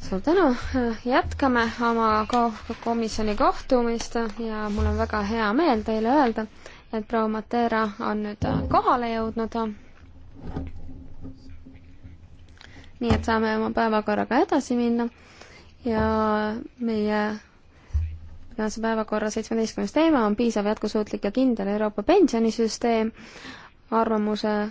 suur tänu, jätkame oma komisjoni kohtumist ja mul on väga hea meel teile öelda, et proua Matera on nüüd kohale jõudnud. nii et saame oma päevakorraga edasi minna ja meie tänase päevakorra seitsmeteistkümnes teema on piisav, jätkusuutlik ja kindel Euroopa pensionisüsteem, arvamuse äh,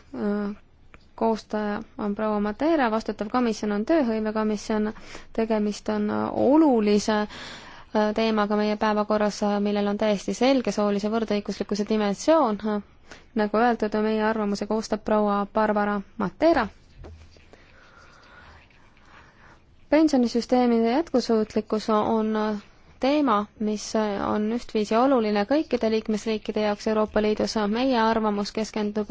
koostaja on proua Matera, vastutav komisjon on tööhõivekomisjon, tegemist on äh, olulise äh, teemaga meie päevakorras, äh, millel on täiesti selge soolise võrdõiguslikkuse dimensioon. nagu öeldud, meie arvamuse koostab proua Barbara Matera. pensionisüsteemide jätkusuutlikkus on teema, mis on ühtviisi oluline kõikide liikmesriikide jaoks Euroopa Liidus. meie arvamus keskendub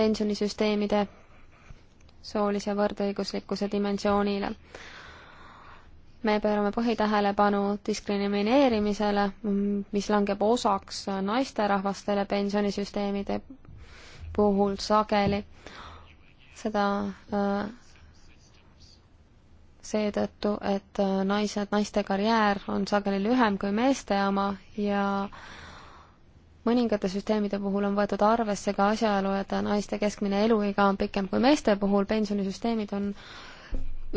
pensionisüsteemide soolise võrdõiguslikkuse dimensioonile. me pöörame põhitähelepanu diskrimineerimisele, mis langeb osaks naisterahvastele pensionisüsteemide puhul sageli. seda äh, seetõttu, et naised, naiste karjäär on sageli lühem kui meeste oma ja äh, mõningate süsteemide puhul on võetud arvesse ka asjaolu, et naiste keskmine eluiga on pikem kui meeste puhul, pensionisüsteemid on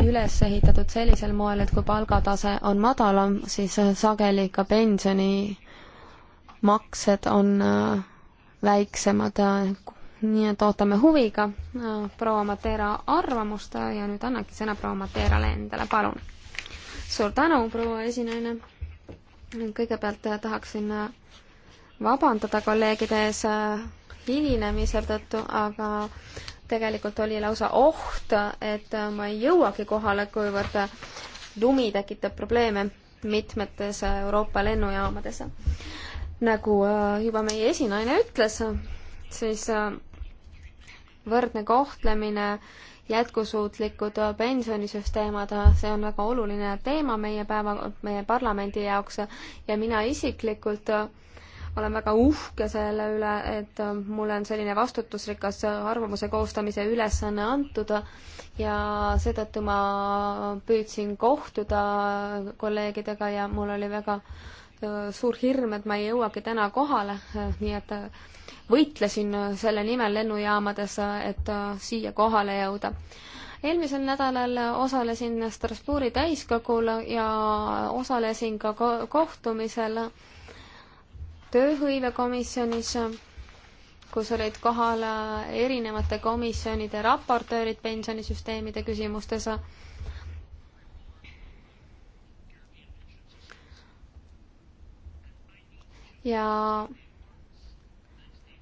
üles ehitatud sellisel moel, et kui palgatase on madalam, siis sageli ka pensionimaksed on äh, väiksemad. nii et ootame huviga äh, proua Matera arvamust ja nüüd annangi sõna proua Materale endale, palun. suur tänu, proua esinaine. kõigepealt äh, tahaksin vabandada kolleegide ees äh, hilinemise tõttu, aga tegelikult oli lausa oht, et ma ei jõuagi kohale, kuivõrd lumi tekitab probleeme mitmetes Euroopa lennujaamades. nagu äh, juba meie esinaine ütles, siis äh, võrdne kohtlemine, jätkusuutlikud pensionisüsteemad, see on väga oluline teema meie päeva, meie parlamendi jaoks ja mina isiklikult äh, olen väga uhke selle üle, et äh, mulle on selline vastutusrikas arvamuse koostamise ülesanne antud ja seetõttu ma püüdsin kohtuda kolleegidega ja mul oli väga äh, suur hirm, et ma ei jõuagi täna kohale, äh, nii et võitlesin selle nimel lennujaamades, et siia kohale jõuda eelmisel nädalal osalesin Strasbourgi täiskogul ja osalesin ka kohtumisel tööhõivekomisjonis, kus olid kohal äh, erinevate komisjonide raportöörid pensionisüsteemide küsimustes. ja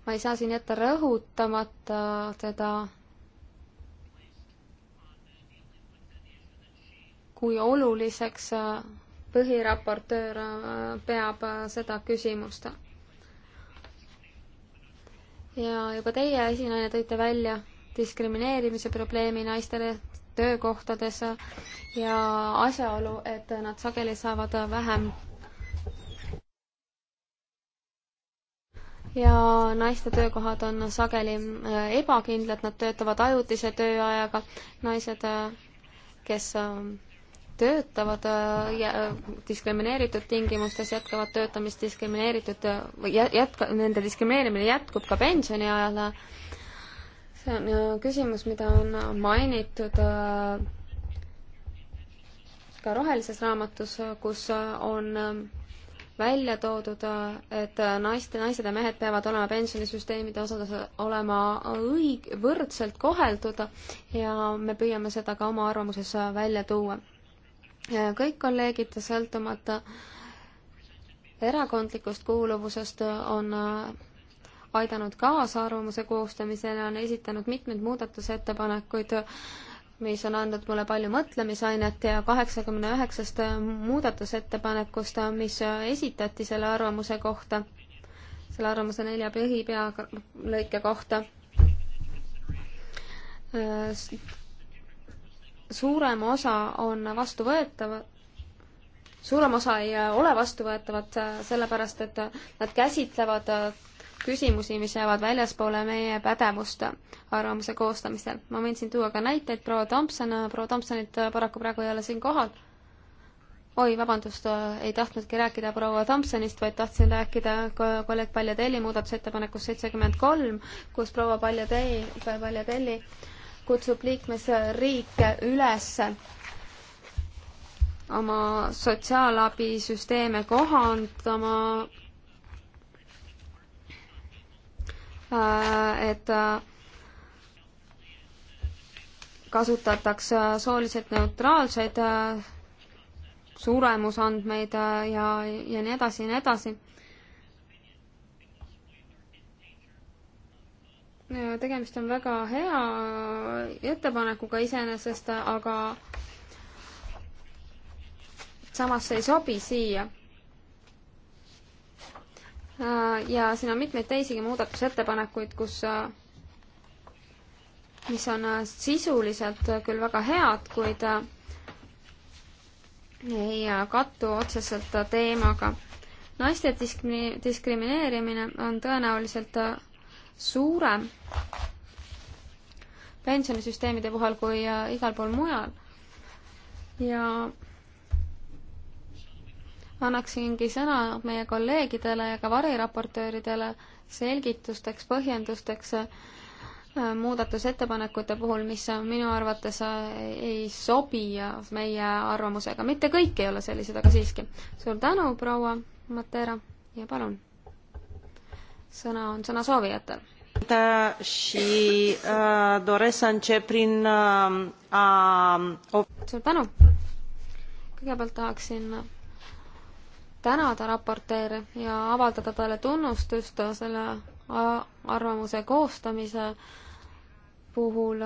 ma ei saa siin jätta rõhutamata seda kui oluliseks äh, põhiraportöör äh, peab äh, seda küsimust. ja juba teie esinaine tõite välja diskrimineerimise probleemi naistele töökohtades ja asjaolu, et nad sageli saavad vähem ja naiste töökohad on sageli äh, ebakindlad, nad töötavad ajutise tööajaga, naised, kes töötavad äh, ja äh, diskrimineeritud tingimustes, jätkavad töötamist diskrimineeritud, jätka-, nende diskrimineerimine jätkub ka pensioniajal. see on äh, küsimus, mida on mainitud ka rohelises raamatus, kus on välja toodud, et naiste, naised ja mehed peavad olema pensionisüsteemide osades olema õig-, võrdselt koheldud ja me püüame seda ka oma arvamuses välja tuua. Äh, kõik kolleegid, sõltumata erakondlikust kuuluvusest, on äh, aidanud kaasa arvamuse koostamisele, on esitanud mitmeid muudatusettepanekuid, mis on andnud mulle palju mõtlemisainet ja kaheksakümne üheksast muudatusettepanekust, mis äh, esitati selle arvamuse kohta, selle arvamuse nelja põhipea lõike kohta, suurem osa on vastuvõetavad, suurem osa ei äh, ole vastuvõetavad, äh, sellepärast et äh, nad käsitlevad küsimusi, mis jäävad väljaspoole meie pädevust arvamuse koostamisel. ma võin siin tuua ka näiteid, proua Tomson, proua Tomsonit paraku praegu ei ole siin kohal. oi, vabandust, ei tahtnudki rääkida proua Tomsonist, vaid tahtsin rääkida kolleeg Paljatelli muudatusettepanekust seitsekümmend kolm, kus proua Paljatei, Paljatelli kutsub liikmesriike üles oma sotsiaalabisüsteeme kohandama, äh, et äh, kasutatakse äh, sooliselt neutraalseid suremusandmeid ja, ja nii edasi ja nii edasi tegemist on väga hea ettepanekuga iseenesest, aga samas see ei sobi siia. ja siin on mitmeid teisigi muudatusettepanekuid, kus, mis on sisuliselt küll väga head, kuid ei kattu otseselt teemaga. naiste diskri-, diskrimineerimine on tõenäoliselt suurem pensionisüsteemide puhul kui äh, igal pool mujal. ja annaksingi sõna meie kolleegidele ja ka variraportööridele selgitusteks, põhjendusteks äh, muudatusettepanekute puhul, mis äh, minu arvates ei sobi meie arvamusega. mitte kõik ei ole sellised, aga siiski. suur tänu, proua Matera ja palun sõna on sõnasoovijatel. Și uh, doresc să încep prin uh, a... Suur tänu! Kõigepealt tahaksin tänada raporteere ja avaldada talle tunnustust selle arvamuse koostamise puhul.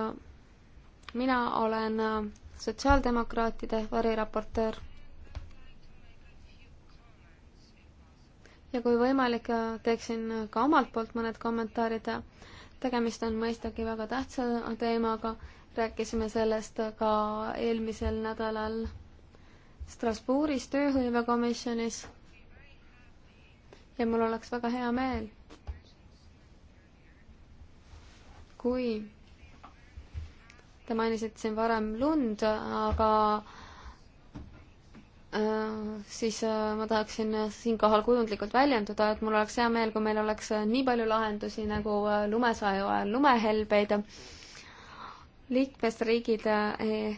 mina olen sotsiaaldemokraatide variraportöör ja kui võimalik, äh, teeksin ka omalt poolt mõned kommentaarid. tegemist on mõistagi väga tähtsa teemaga, rääkisime sellest ka eelmisel nädalal Strasbourgis tööhõivekomisjonis ja mul oleks väga hea meel, kui te mainisite siin varem lund, aga Äh, siis äh, ma tahaksin äh, siinkohal kujundlikult väljenduda, et mul oleks hea meel, kui meil oleks nii palju lahendusi nagu lumesaju ajal lumehelbeid. liikmesriigid, e-,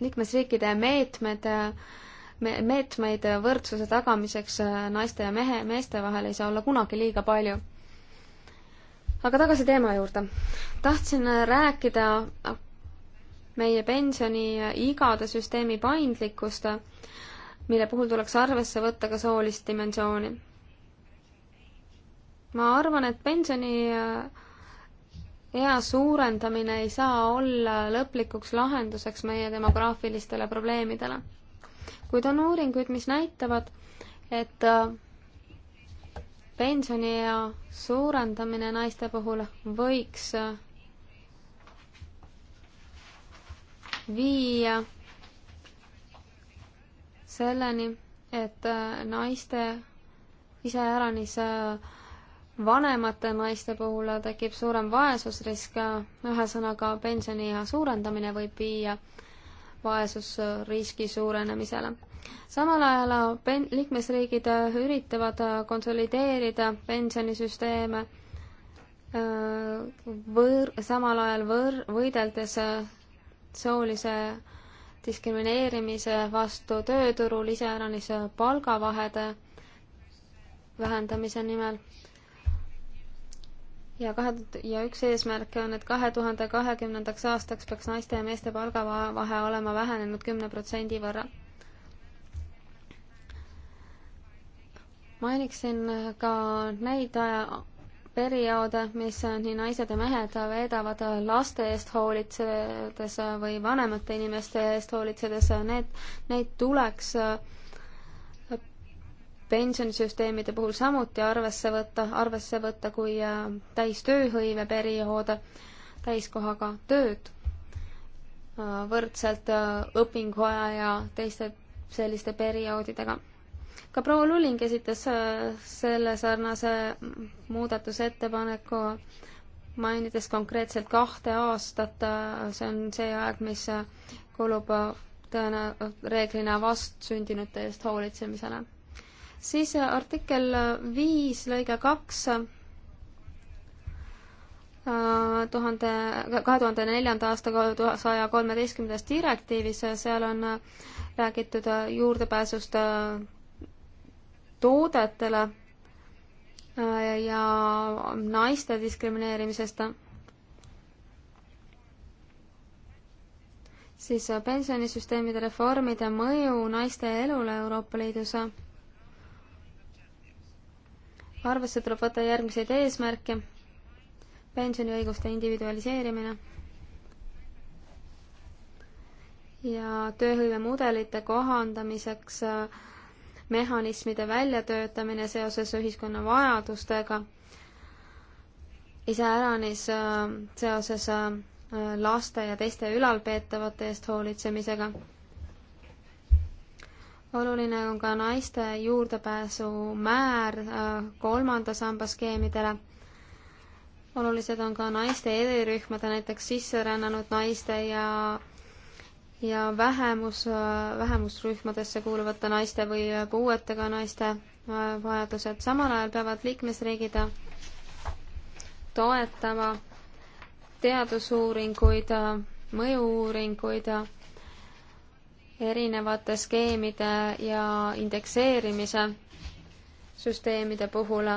liikmesriikide meetmed, meetmeid võrdsuse tagamiseks naiste ja mehe, meeste vahel ei saa olla kunagi liiga palju aga tagasi teema juurde. tahtsin rääkida meie pensioniigade süsteemi paindlikkust, mille puhul tuleks arvesse võtta ka soolist dimensiooni. ma arvan, et pensioniea äh, suurendamine ei saa olla lõplikuks lahenduseks meie demograafilistele probleemidele. kuid on uuringuid, mis näitavad, et äh, pensioniea suurendamine naiste puhul võiks äh, viia selleni, et äh, naiste, iseäranis äh, vanemate naiste puhul tekib suurem vaesusrisk, ühesõnaga pensioniea suurendamine võib viia vaesusriski suurenemisele. samal ajal pen-, liikmesriigid üritavad konsolideerida pensionisüsteeme äh, võõr-, samal ajal võõr-, võideldes soolise diskrimineerimise vastu tööturul, iseäranis palgavahede vähendamise nimel. ja kahe, ja üks eesmärke on, et kahe tuhande kahekümnendaks aastaks peaks naiste ja meeste palgavahe olema vähenenud kümne protsendi võrra. mainiksin ka neid perioode, mis nii naised ja mehed veedavad laste eest hoolitsedes või vanemate inimeste eest hoolitsedes, need, neid tuleks pensionisüsteemide puhul samuti arvesse võtta, arvesse võtta kui äh, täistööhõive perioode, täiskohaga tööd, äh, võrdselt äh, õpinguaja ja teiste selliste perioodidega ka proua Lulling esitas äh, selle sarnase muudatusettepaneku, mainides konkreetselt kahte aastat, äh, see on see aeg, mis äh, kulub tõena-, reeglina vastsündinute eest hoolitsemisele. siis artikkel viis lõige kaks tuhande, kahe tuhande neljanda aasta saja kolmeteistkümnendas direktiivis, seal on räägitud juurdepääsust toodetele ja naiste diskrimineerimisest, siis pensionisüsteemide reformide mõju naiste elule Euroopa Liidus. arvesse tuleb võtta järgmiseid eesmärke. pensioniõiguste individualiseerimine ja tööhõivemudelite kohandamiseks äh, mehhanismide väljatöötamine seoses ühiskonna vajadustega, iseäranis äh, seoses äh, laste ja teiste ülalpeetavate eest hoolitsemisega. oluline on ka naiste juurdepääsu määr äh, kolmanda samba skeemidele olulised on ka naiste erirühmade, näiteks sisserännanud naiste ja ja vähemus, vähemusrühmadesse kuuluvate naiste või puuetega naiste äh, vajadused. samal ajal peavad liikmesriigid toetama teadusuuringuid, äh, mõju-uuringuid äh, erinevate skeemide ja indekseerimise süsteemide puhul.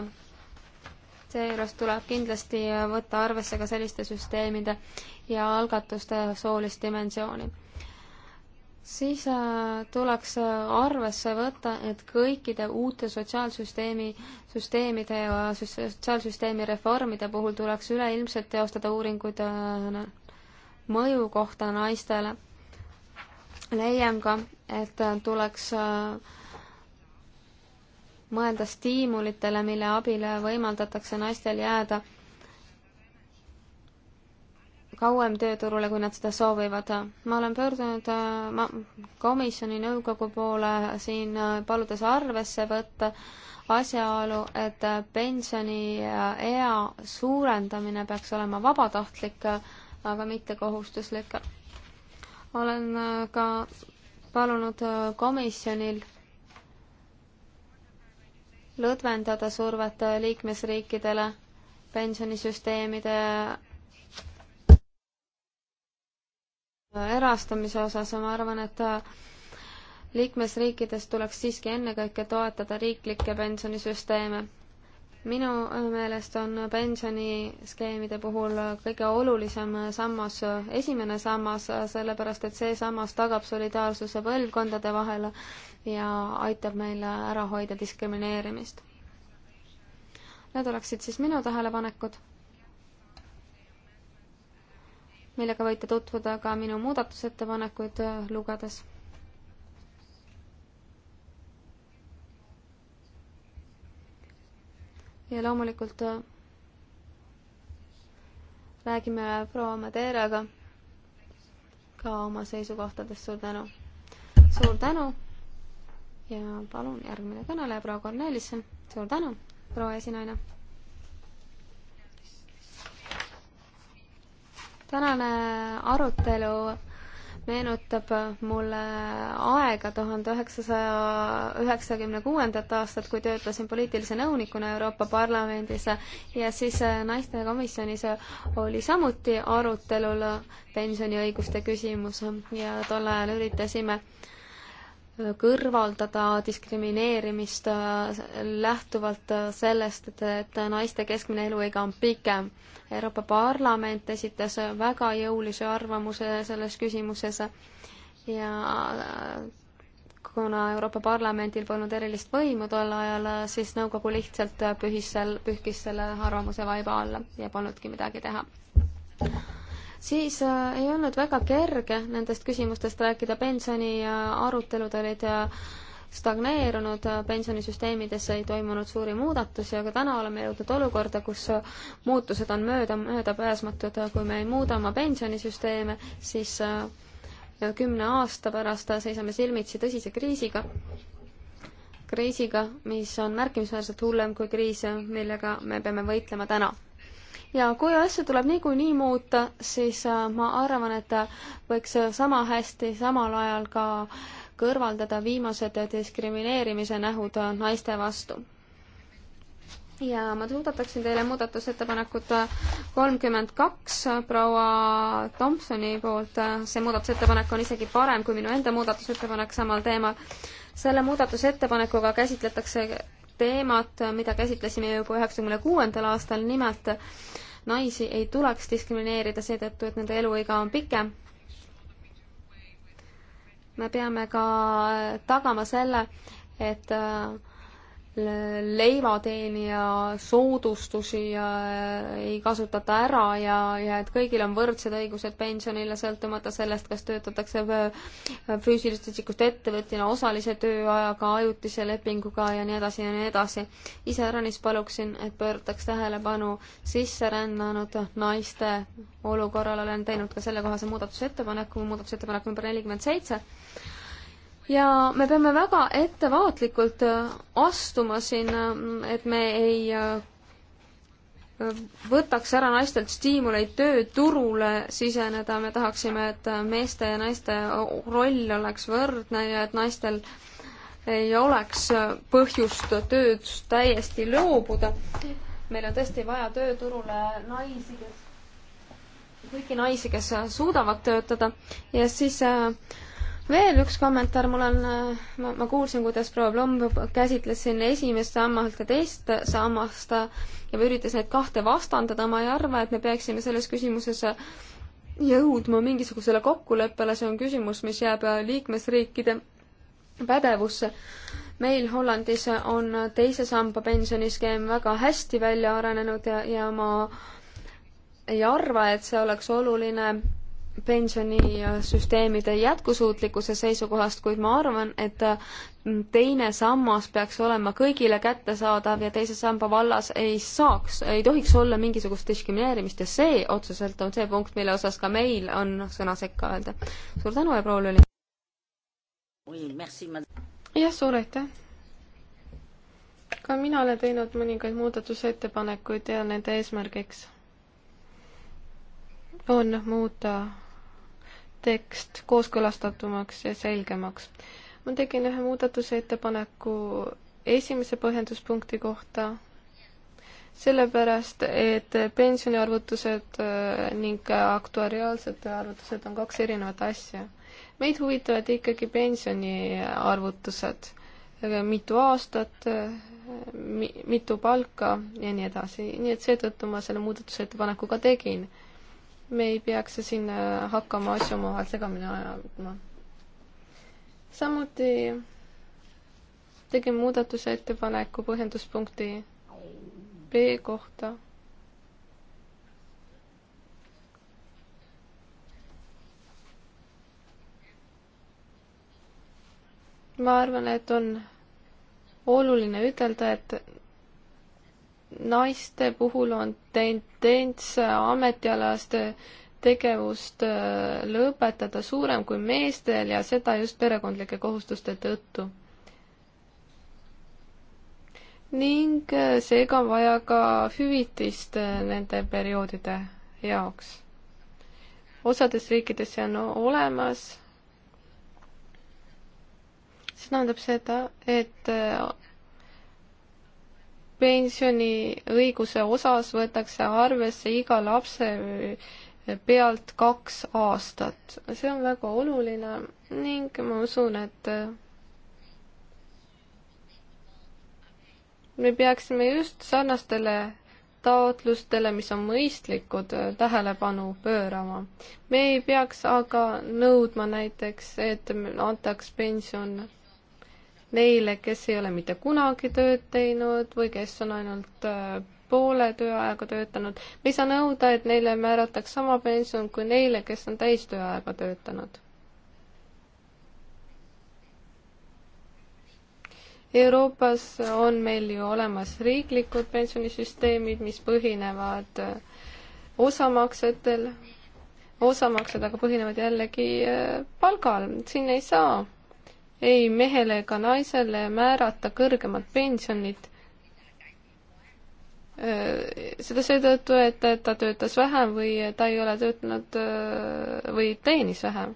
seejuures tuleb kindlasti võtta arvesse ka selliste süsteemide ja algatuste soolist dimensiooni siis äh, tuleks äh, arvesse võtta, et kõikide uute sotsiaalsüsteemi, süsteemide ja sotsiaalsüsteemi reformide puhul tuleks üleilmselt teostada uuringuid äh, mõju kohta naistele. leian ka, et tuleks mõelda stiimulitele, mille abile võimaldatakse naistel jääda kauem tööturule, kui nad seda soovivad. ma olen pöördunud äh, ma, komisjoni nõukogu poole siin äh, paludes arvesse võtta asjaolu, et äh, pensioniea suurendamine peaks olema vabatahtlik, aga mitte kohustuslik. olen ka palunud komisjonil lõdvendada survet liikmesriikidele pensionisüsteemide erastamise osas ma arvan, et äh, liikmesriikides tuleks siiski ennekõike toetada riiklikke pensionisüsteeme. minu äh, meelest on pensioniskeemide puhul kõige olulisem sammas esimene sammas, sellepärast et see sammas tagab solidaarsuse põlvkondade vahel ja aitab meil ära hoida diskrimineerimist. Need oleksid siis minu tähelepanekud millega võite tutvuda ka minu muudatusettepanekuid äh, lugedes. ja loomulikult äh, räägime proua Madeiraga ka oma seisukohtadest, suur tänu. suur tänu ja palun järgmine kõneleja, proua Kornelisson, suur tänu, proua esinaine tänane arutelu meenutab mulle aega tuhande üheksasaja üheksakümne kuuendat aastat, kui töötasin poliitilise nõunikuna Euroopa Parlamendis ja siis naistekomisjonis oli samuti arutelul pensioniõiguste küsimus ja tol ajal üritasime äh, kõrvaldada diskrimineerimist äh, lähtuvalt äh, sellest, et, et naiste keskmine eluiga on pikem. Euroopa Parlament esitas väga jõulise arvamuse selles küsimuses ja äh, kuna Euroopa Parlamendil polnud erilist võimu tol ajal, siis nõukogu lihtsalt pühis seal, pühkis selle arvamuse vaiba alla ja polnudki midagi teha siis äh, ei olnud väga kerge nendest küsimustest rääkida, pensioni äh, arutelud olid äh, stagneerunud, äh, pensionisüsteemides ei toimunud suuri muudatusi, aga täna oleme jõudnud olukorda, kus äh, muutused on mööda, möödapääsmatud, äh, kui me ei muuda oma pensionisüsteeme, siis kümne aasta pärast seisame silmitsi tõsise kriisiga, kriisiga, mis on märkimisväärselt hullem kui kriis, millega me peame võitlema täna ja kui asju tuleb niikuinii muuta, siis äh, ma arvan, et äh, võiks äh, sama hästi samal ajal ka kõrvaldada viimased diskrimineerimise nähud naiste vastu. ja ma suudataksin teile muudatusettepanekut kolmkümmend kaks proua Tomsoni poolt, see muudatusettepanek on isegi parem kui minu enda muudatusettepanek samal teemal. selle muudatusettepanekuga käsitletakse teemat, mida käsitlesime juba üheksakümne kuuendal aastal, nimelt naisi ei tuleks diskrimineerida seetõttu, et nende eluiga on pikem. me peame ka tagama selle, et äh, leivateenija soodustusi ja äh, ei kasutata ära ja, ja et kõigil on võrdsed õigused pensionile, sõltumata sellest, kas töötatakse füüsilisest isikust ettevõtjana, osalise tööajaga, ajutise lepinguga ja nii edasi ja nii edasi. iseäranis paluksin, et pöörataks tähelepanu sisserännanud naiste olukorral, olen teinud ka sellekohase muudatusettepaneku, muudatusettepanek number nelikümmend seitse ja me peame väga ettevaatlikult äh, astuma siin, äh, et me ei äh, võtaks ära naistelt stiimuleid tööturule siseneda, me tahaksime, et meeste ja naiste roll oleks võrdne ja et naistel ei oleks põhjust tööst täiesti loobuda. meil on tõesti vaja tööturule naisi, kes, kõiki naisi, kes suudavad töötada ja siis äh, veel üks kommentaar, mul on, äh, ma kuulsin, kuidas proua Plomb käsitles siin esimest sammast ja teist sammast ja üritas neid kahte vastandada, ma ei arva, et me peaksime selles küsimuses jõudma mingisugusele kokkuleppele, see on küsimus, mis jääb liikmesriikide pädevusse. meil Hollandis on teise samba pensioniskeem väga hästi välja arenenud ja, ja ma ei arva, et see oleks oluline pensionisüsteemide jätkusuutlikkuse seisukohast, kuid ma arvan, et mm, teine sammas peaks olema kõigile kättesaadav ja teise samba vallas ei saaks, ei tohiks olla mingisugust diskrimineerimist ja see otseselt on see punkt, mille osas ka meil on sõna sekka öelda. suur tänu ja proua Lüli! jah, suur aitäh! ka mina olen teinud mõningaid muudatusettepanekuid ja nende eesmärgiks on muuta tekst kooskõlastatumaks ja selgemaks. ma tegin ühe muudatusettepaneku esimese põhjenduspunkti kohta, sellepärast et pensioniarvutused äh, ning aktuariaalsed arvutused on kaks erinevat asja. meid huvitavad ikkagi pensioniarvutused, äh, mitu aastat, äh, mitu palka ja nii edasi, nii et seetõttu ma selle muudatusettepaneku ka tegin me ei peaks siin äh, hakkama asju omavahel segamini ajama. samuti tegin muudatuse ettepaneku põhjenduspunkti B kohta. ma arvan, et on oluline ütelda, et naiste puhul on tendents ametialaste tegevust äh, lõpetada suurem kui meestel ja seda just perekondlike kohustuste tõttu. ning äh, seega on vaja ka hüvitist äh, nende perioodide jaoks. osades riikides see on olemas. see tähendab seda, et pensioniõiguse osas võetakse arvesse iga lapse pealt kaks aastat. see on väga oluline ning ma usun, et me peaksime just sarnastele taotlustele, mis on mõistlikud, tähelepanu pöörama. me ei peaks aga nõudma näiteks, et antaks pension neile, kes ei ole mitte kunagi tööd teinud või kes on ainult äh, poole tööajaga töötanud. me ei saa nõuda, et neile määrataks sama pension kui neile, kes on täistööajaga töötanud. Euroopas on meil ju olemas riiklikud pensionisüsteemid, mis põhinevad äh, osamaksetel, osamaksed aga põhinevad jällegi äh, palgal, siin ei saa ei mehele ega naisele määrata kõrgemat pensionit. Äh, seda seetõttu, et ta töötas vähem või ta ei ole töötanud äh, või teenis vähem.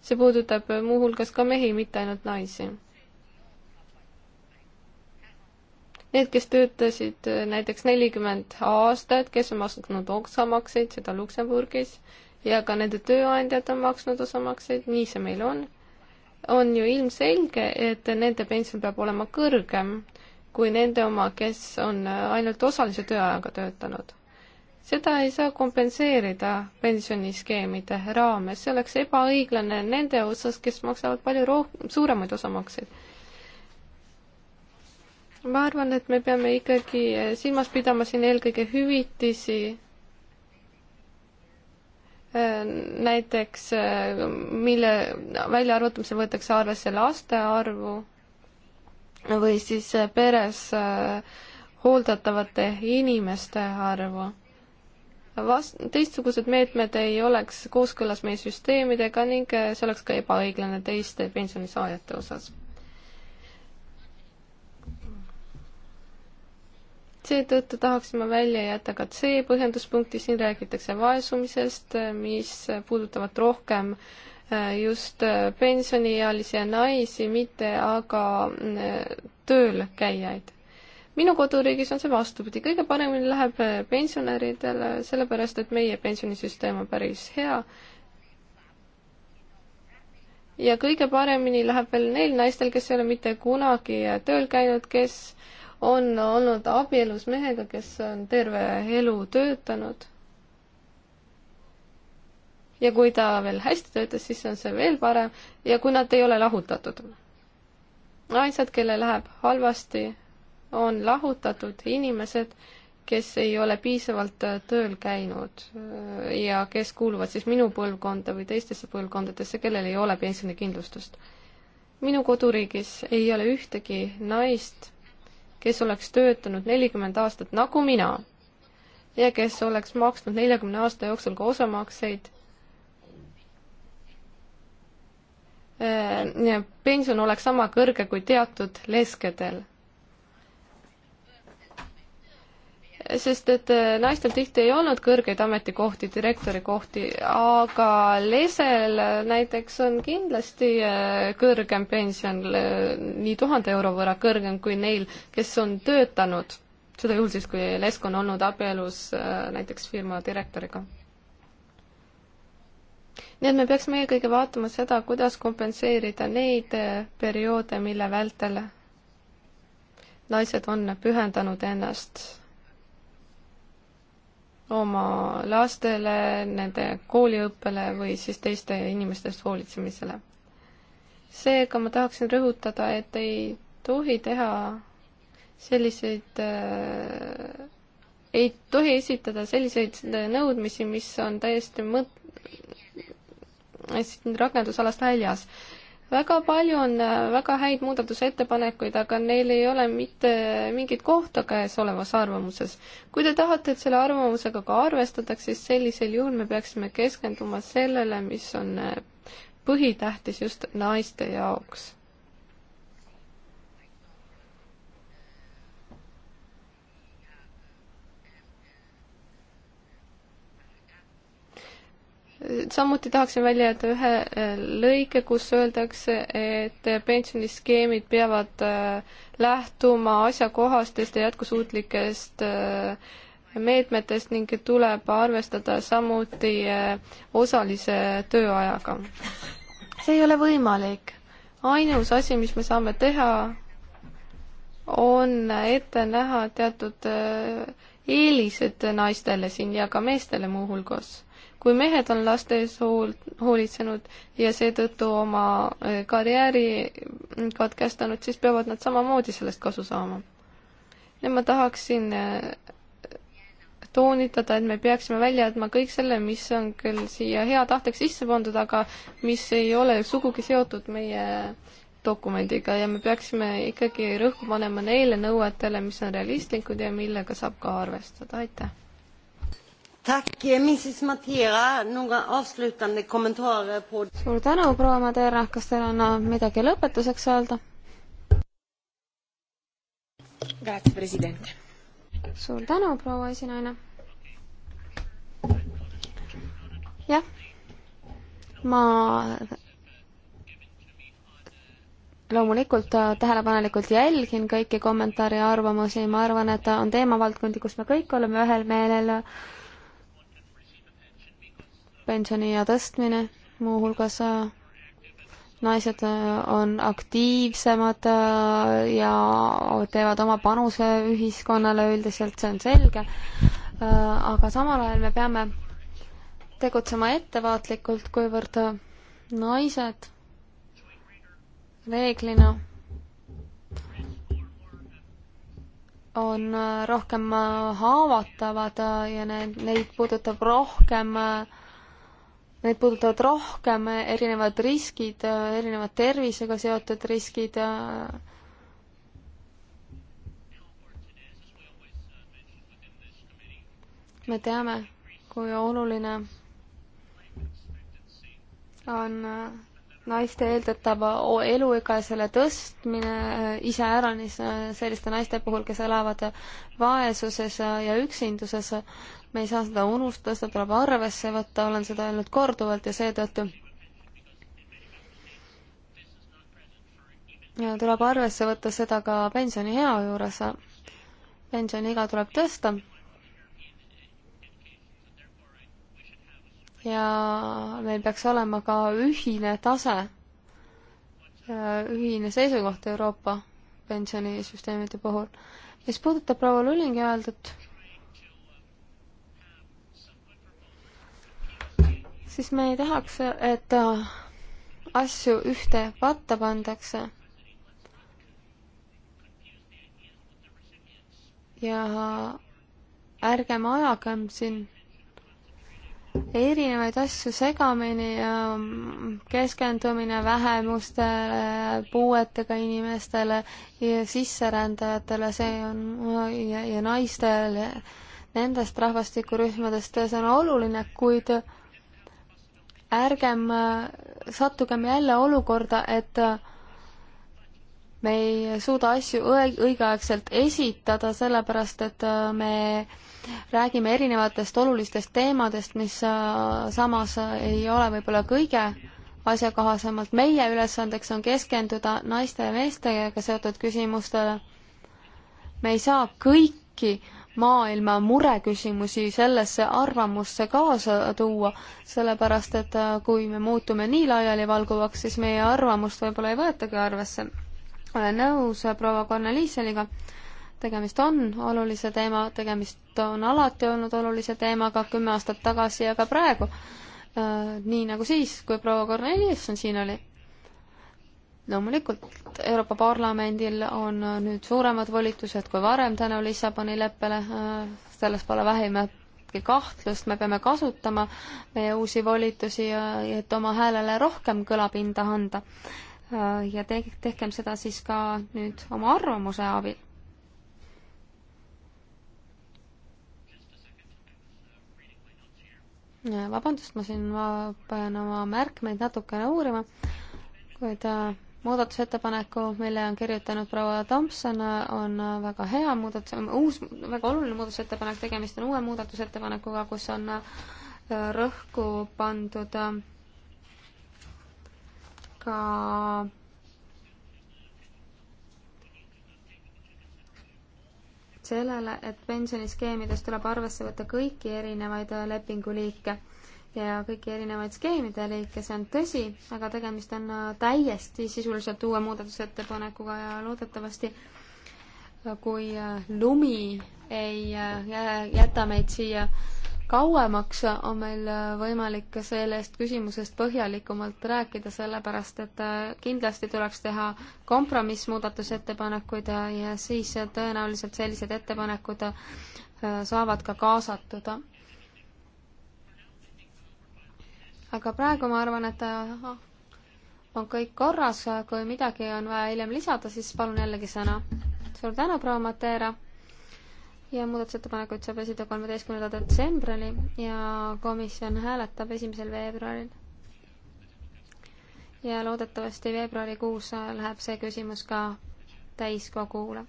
see puudutab muuhulgas ka mehi, mitte ainult naisi. Need, kes töötasid äh, näiteks nelikümmend aastat, kes on maksnud oksamakseid, seda Luksemburgis, ja ka nende tööandjad on maksnud osamakseid, nii see meil on on ju ilmselge, et nende pension peab olema kõrgem kui nende oma, kes on ainult osalise tööajaga töötanud. seda ei saa kompenseerida pensioniskeemide raames, see oleks ebaõiglane nende osas, kes maksavad palju rohkem, suuremaid osamakseid ma arvan, et me peame ikkagi silmas pidama siin eelkõige hüvitisi näiteks äh, mille väljaarvutamisel võetakse arvesse laste arvu või siis äh, peres äh, hooldatavate inimeste arvu. Vast-, teistsugused meetmed ei oleks kooskõlas meie süsteemidega ning see oleks ka ebaõiglane teiste pensionisaajate osas. seetõttu tahaksime välja jätta ka C põhjenduspunkti, siin räägitakse vaesumisest, mis puudutavad rohkem äh, just äh, pensioniealisi ja naisi, mitte aga äh, tööl käijaid. minu koduriigis on see vastupidi, kõige paremini läheb pensionäridele, sellepärast et meie pensionisüsteem on päris hea ja kõige paremini läheb veel neil naistel, kes ei ole mitte kunagi tööl käinud, kes on olnud abielus mehega, kes on terve elu töötanud. ja kui ta veel hästi töötas, siis on see veel parem ja kui nad ei ole lahutatud. naised, kellel läheb halvasti, on lahutatud inimesed, kes ei ole piisavalt tööl käinud ja kes kuuluvad siis minu põlvkonda või teistesse põlvkondadesse, kellel ei ole pensionikindlustust. minu koduriigis ei ole ühtegi naist, kes oleks töötanud nelikümmend aastat nagu mina ja kes oleks maksnud neljakümne aasta jooksul ka osamakseid. Äh, pension oleks sama kõrge kui teatud leskedel. sest et äh, naistel tihti ei olnud kõrgeid ametikohti, direktori kohti, aga lesel äh, näiteks on kindlasti äh, kõrgem pension, nii tuhande euro võrra kõrgem kui neil, kes on töötanud, seda juhul siis, kui lesk on olnud abielus näiteks firma direktoriga. nii et me peaksime eelkõige vaatama seda, kuidas kompenseerida neid perioode, mille vältel naised on pühendanud ennast oma lastele, nende kooliõppele või siis teiste inimestest hoolitsemisele. seega ma tahaksin rõhutada, et ei tohi teha selliseid äh, ei tohi esitada selliseid nõudmisi, mis on täiesti mõt-, rakendusalast väljas väga palju on äh, väga häid muudatusettepanekuid, aga neil ei ole mitte mingit kohta käesolevas arvamuses. kui te tahate, et selle arvamusega ka arvestataks, siis sellisel juhul me peaksime keskenduma sellele, mis on äh, põhitähtis just naiste jaoks. samuti tahaksin välja jätta ühe äh, lõike, kus öeldakse, et pensioniskeemid peavad äh, lähtuma asjakohastest ja jätkusuutlikest äh, meetmetest ning tuleb arvestada samuti osalise tööajaga. see ei ole võimalik. ainus asi, mis me saame teha, on ette näha teatud eelised naistele siin ja ka meestele muuhulgas kui mehed on laste ees hool-, hoolitsenud ja seetõttu oma äh, karjääri mm, katkestanud, siis peavad nad samamoodi sellest kasu saama. ja ma tahaksin äh, toonitada, et me peaksime välja jätma kõik selle, mis on küll siia hea tahteks sisse pandud, aga mis ei ole sugugi seotud meie dokumendiga ja me peaksime ikkagi rõhku panema neile nõuetele, mis on realistlikud ja millega saab ka arvestada, aitäh! Tack, eh, Mrs Matera, några avslutande kommentarer på... suur tänu, proua Matera, kas teil on äh, midagi lõpetuseks öelda? Grazie, president. suur tänu, proua esinaine. jah, ma loomulikult äh, tähelepanelikult jälgin kõiki kommentaare ja arvamusi, ma arvan, et on teemavaldkondi, kus me kõik oleme ühel meelel pensioniea tõstmine, muuhulgas äh, naised äh, on aktiivsemad äh, ja teevad oma panuse ühiskonnale üldiselt, see on selge, aga samal ajal me peame tegutsema ettevaatlikult, kuivõrd naised reeglina on rohkem haavatavad ja need, neid puudutab rohkem äh, Need puudutavad rohkem erinevad riskid, erinevad tervisega seotud riskid. me teame, kui oluline on naiste eeldatava eluiga selle tõstmine eh, iseäranis eh, selliste naiste puhul, kes elavad vaesuses ja üksinduses me ei saa seda unustada, seda tuleb arvesse võtta, olen seda öelnud korduvalt ja seetõttu ja tuleb arvesse võtta seda ka pensioniea juures. pensioniiga tuleb tõsta. ja meil peaks olema ka ühine tase, ühine seisukoht Euroopa pensionisüsteemide puhul. mis puudutab proua Lullingi öeldut, siis me ei tahaks, et äh, asju ühte patta pandakse. ja ärgem ajagem siin erinevaid asju segamini ja ähm, keskendumine vähemustele, äh, puuetega inimestele ja sisserändajatele, see on ja, ja naistele, nendest rahvastikurühmadest, see on oluline, kuid ärgem äh, sattugem jälle olukorda, et äh, me ei suuda asju õigeaegselt esitada, sellepärast et äh, me räägime erinevatest olulistest teemadest, mis samas ei ole võib-olla kõige asjakohasemalt. meie ülesandeks on keskenduda naiste ja meestega seotud küsimustele. me ei saa kõiki äh, maailma mureküsimusi sellesse arvamusse kaasa tuua, sellepärast et äh, kui me muutume nii laialivalguvaks, siis meie arvamust võib-olla ei võetagi arvesse. olen nõus proua Korneliiseniga, tegemist on olulise teema, tegemist on alati olnud olulise teemaga kümme aastat tagasi ja ka praegu, äh, nii nagu siis, kui proua Korneliisson siin oli loomulikult Euroopa Parlamendil on äh, nüüd suuremad volitused kui varem tänu Lissaboni leppele, äh, selles pole vähimatki kahtlust, me peame kasutama meie uusi volitusi, äh, et oma häälele rohkem kõlapinda anda. ja te-, tehkem seda siis ka nüüd oma arvamuse abil. vabandust, ma siin ma pean oma märkmeid natukene uurima, kuid muudatusettepaneku, mille on kirjutanud proua Tomson, on väga hea muudatus, uus, väga oluline muudatusettepanek, tegemist on uue muudatusettepanekuga, kus on äh, rõhku pandud äh, ka sellele, et pensioniskeemides tuleb arvesse võtta kõiki erinevaid äh, lepinguliike ja kõiki erinevaid skeemide liike, see on tõsi, aga tegemist on äh, täiesti sisuliselt uue muudatusettepanekuga ja loodetavasti äh, kui äh, lumi ei jäta meid siia kauemaks, on meil võimalik sellest küsimusest põhjalikumalt rääkida, sellepärast et kindlasti tuleks teha kompromissmuudatusettepanekuid ja siis tõenäoliselt sellised ettepanekud saavad ka kaasatud aga praegu ma arvan, et äh, on kõik korras, kui midagi on vaja hiljem lisada, siis palun jällegi sõna. suur tänu, proua Mateera! ja muudatusettepanekuid saab esida kolmeteistkümnenda detsembrini ja komisjon hääletab esimesel veebruaril. ja loodetavasti veebruarikuus läheb see küsimus ka täiskogule.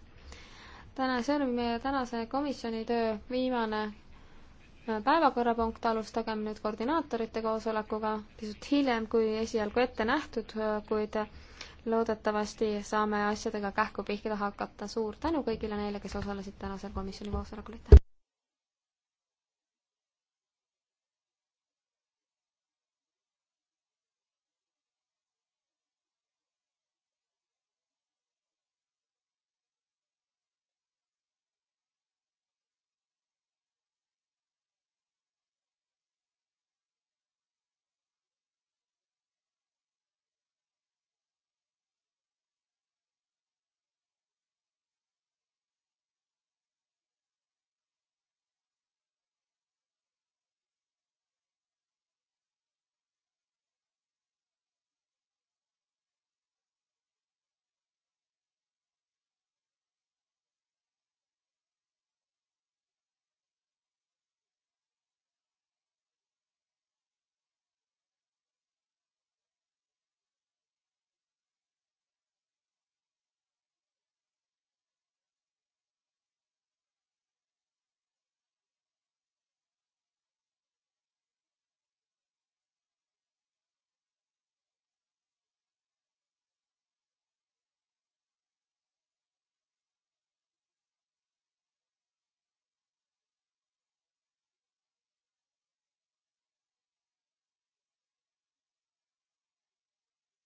täna, see oli meie tänase komisjoni töö viimane päevakorrapunkt, alustagem nüüd koordinaatorite koosolekuga pisut hiljem kui esialgu ette nähtud, kuid loodetavasti saame asjadega kähku pihkida hakata. suur tänu kõigile neile, kes osalesid tänasel komisjoni koosolekul, aitäh!